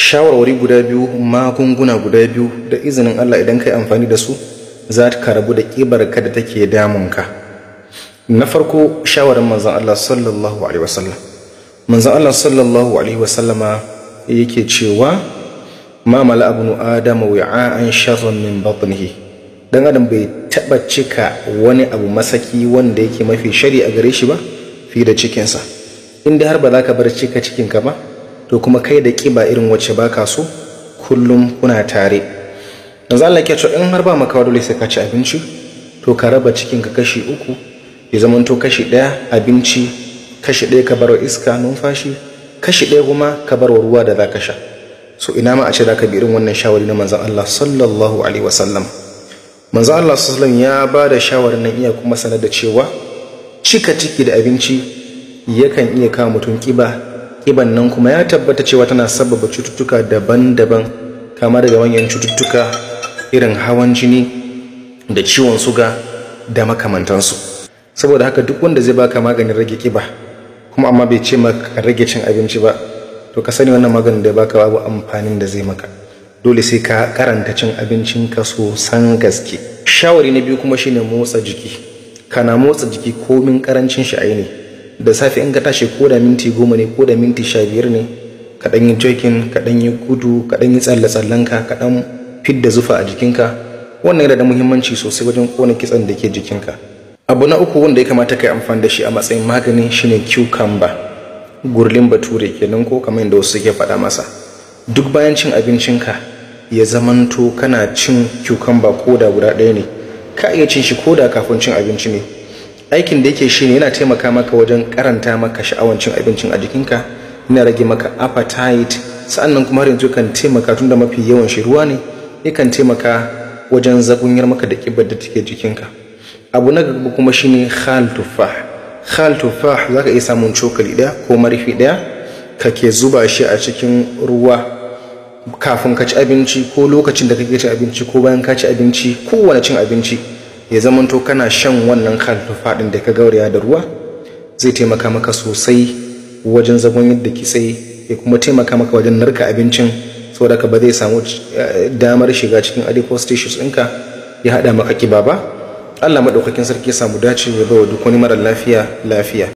shawarwari guda biyu magunguna guda biyu da izinin Allah idan kai amfani da su za ka rabu da ka da take damun ka. na farko shawarar manzon Allah sallallahu alaihi wasallam manzon Allah sallallahu alaihi wasallama yake cewa ma mal abnu ya wi'a'an sharran min batnihi dan adam bai taba cika wani abu masaki wanda yake mafi shari a gare shi ba fi da cikinsa inda har ba za ka bar cika cikinka ba to kuma kai da kiba irin wacce baka so kullum kuna tare yanzu Allah ke in har ba maka dole sai ka ci abinci to ka raba cikin ka kashi uku ya zamanto kashi ɗaya abinci kashi ɗaya ka baro iska numfashi kashi ɗaya kuma ka barwa ruwa da zaka sha so ina ma a ce zaka bi irin wannan shawari na manzon Allah sallallahu alaihi wasallam manzon Allah sallallahu ya ba da shawarin nan iya kuma sanar da cewa cika ciki da abinci yakan iya kawo mutum kiba kiban nan kuma ya tabbata cewa tana sababa cututtuka daban-daban kama daga manyan cututtuka irin hawan jini da ciwon suga da makamantansu saboda haka duk wanda zai baka maganin rage kiba kuma amma bai ce maka rage cin abinci ba to ka sani wannan maganin da baka babu amfanin da zai maka dole sai ka karanta cin abincin so san gaske shawari na biyu kuma shine motsa jiki kana motsa jiki komin karancin shi ne da safe in ka tashi ko da minti goma ne ko da minti sha biyar ne ka ɗan yi jokin ka ɗan yi kudu ka ɗan yi tsalle tsallen ka ɗan fidda zufa a jikinka wannan yana da muhimmanci sosai wajen kona kitsan da ke jikinka abu na uku wanda ya kamata ka yi amfani da shi a matsayin magani shine cucumber gurlin bature kenan ko kamar yadda wasu suke faɗa masa duk bayan cin abincinka ya zamanto kana cin cucumber ko da guda ɗaya ne ka iya cin shi ko da kafin cin abinci ne aikin da yake shine yana taimaka maka wajen karanta maka sha'awancin abincin a jikinka yana rage maka appetite sannan kuma har yanzu kan taimaka tunda mafi yawan shi ruwa ne yakan taimaka wajen zagunyar maka da kibar da take jikinka abu na gaba kuma shine khal tufah khal tufah zaka iya samun cokali daya ko marfi daya kake zuba shi a cikin ruwa kafin ka ci abinci ko lokacin da kake ci abinci ko bayan ka ci abinci kowane cin abinci ya zamanto kana shan wannan haltufa ɗin da ka gauraya da ruwa zai taimaka maka sosai wajen zagon yadda ki sai ya kuma taimaka maka wajen narka abincin saboda ka ba zai samu eh, damar shiga cikin adipose tissues ɗinka ya haɗa maka kiba ba Allah maɗaukakin sarki ya samu dace ya wa duk wani mara lafiya lafiya